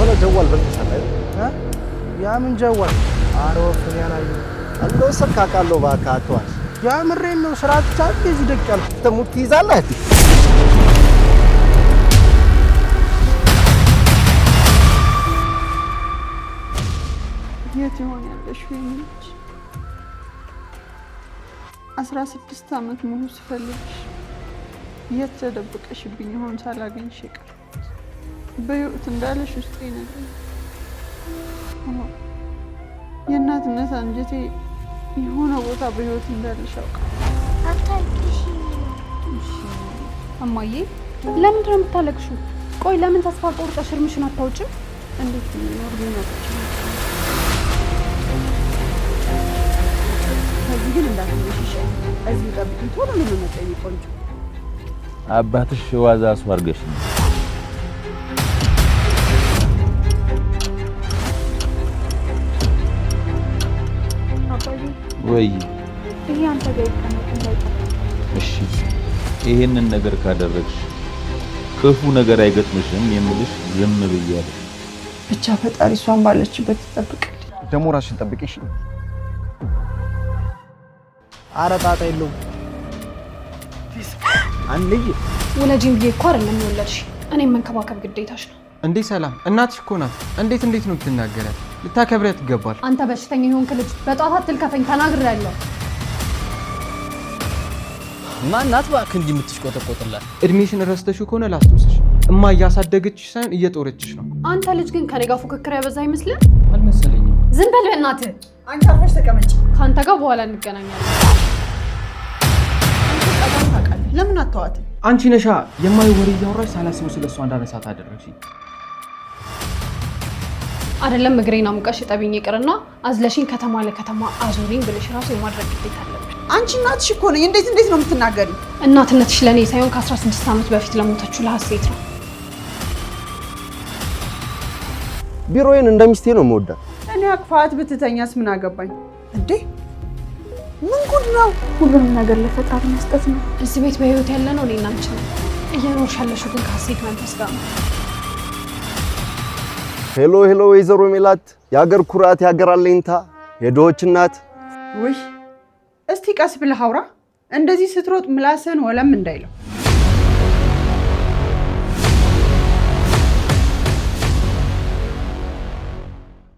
የሆነ ጀዋል በልጥቻለሁ። ያ ምን ጀዋል? ኧረ ወፍን ያናዩ አልወሰድክ አውቃለሁ። እባክህ ያ ምሬ ነው። ስራ ትቻል እዚህ ደቅ ተሙት ትይዛለህ። የት ይሆን ያለሽው? የኔች አስራ ስድስት ዓመት ሙሉ ስፈልግሽ የት ተደብቀሽብኝ ይሆን ሳላገኝሽ ይቀር በህይወት እንዳለሽ ውስጤ ነገር የእናትነት አንጀቴ የሆነ ቦታ በህይወት እንዳለሽ አውቃለሁ። እማዬ ለምንድን ነው ቆይ ለምን ተስፋ ቆርጠሽ እርምሽን አታውጭም? እንዴት የሚኖር ሊኖርች ከዚህ ግን እንዳትመሽሽ፣ እዚሁ ጠብቂኝ። ቶሎ ነው የምመጣ ቆንጆ አባትሽ ዋዛ አስዋርገሽ ነው ወይ እሺ፣ ይሄንን ነገር ካደረግሽ ክፉ ነገር አይገጥምሽም የምልሽ ዝም ብያለሁ። ብቻ ፈጣሪ እሷን ባለችበት ትጠብቅ። ደግሞ ራስሽን ጠብቂ እሺ። ጣጣ የለውም። አንልይ ውለጂን ብዬ እኮ አይደለም የወለድሽ፣ እኔም መንከባከብ ግዴታሽ ነው እንዴ። ሰላም እናትሽ እኮ ናት። እንዴት እንዴት ነው የምትናገሪያት? ልታከብሪያት ይገባል። አንተ በሽተኛ የሆንክ ልጅ በጧት አትልከፈኝ፣ ተናግሬያለሁ። ማናት ባክ እንዲህ የምትሽቆጠቆጥላት? እድሜሽን ረስተሽው ከሆነ ላስታውስሽ፣ እማ እያሳደገችሽ ሳይሆን እየጦረችሽ ነው። አንተ ልጅ ግን ከኔ ጋር ፉክክር ያበዛ አይመስልም? አልመሰለኝም። ዝም በል በእናትህ። አንቺ አርፈሽ ተቀመጭ። ከአንተ ጋር በኋላ እንገናኛለን። ለምን አታዋትም? አንቺ ነሻ የማይወሬ እያወራሽ ሳላስበው ስለሷ እንዳነሳት አደረግሽኝ። አይደለም እግሬን አሙቀሽ ጠብኝ ይቅርና አዝለሽኝ ከተማ ለከተማ አዙሪኝ ብለሽ ራሱ የማድረግ ግዴታ አለብሽ። አንቺ እናትሽ እኮ ነኝ። እንዴት እንዴት ነው የምትናገሪ? እናትነትሽ ለእኔ ሳይሆን ከ16 ዓመት በፊት ለሞተችው ለሀሴት ነው። ቢሮዬን እንደ ሚስቴ ነው የምወዳት። እኔ አቅፋት ብትተኛስ ምን አገባኝ እንዴ? ምን ጉድ ነው! ሁሉንም ነገር ለፈጣሪ መስጠት ነው። እዚህ ቤት በህይወት ያለ ነው እኔ እና አንቺ ነው። እየኖርሽ ያለሽው ግን ከሀሴት መንፈስ ጋር ነው። ሄሎ ሄሎ፣ ወይዘሮ ሜላት የአገር ኩራት የአገር አለኝታ የድሆች እናት። ውይ እስቲ ቀስ ብለህ አውራ። እንደዚህ ስትሮጥ ምላስህን ወለም እንዳይለው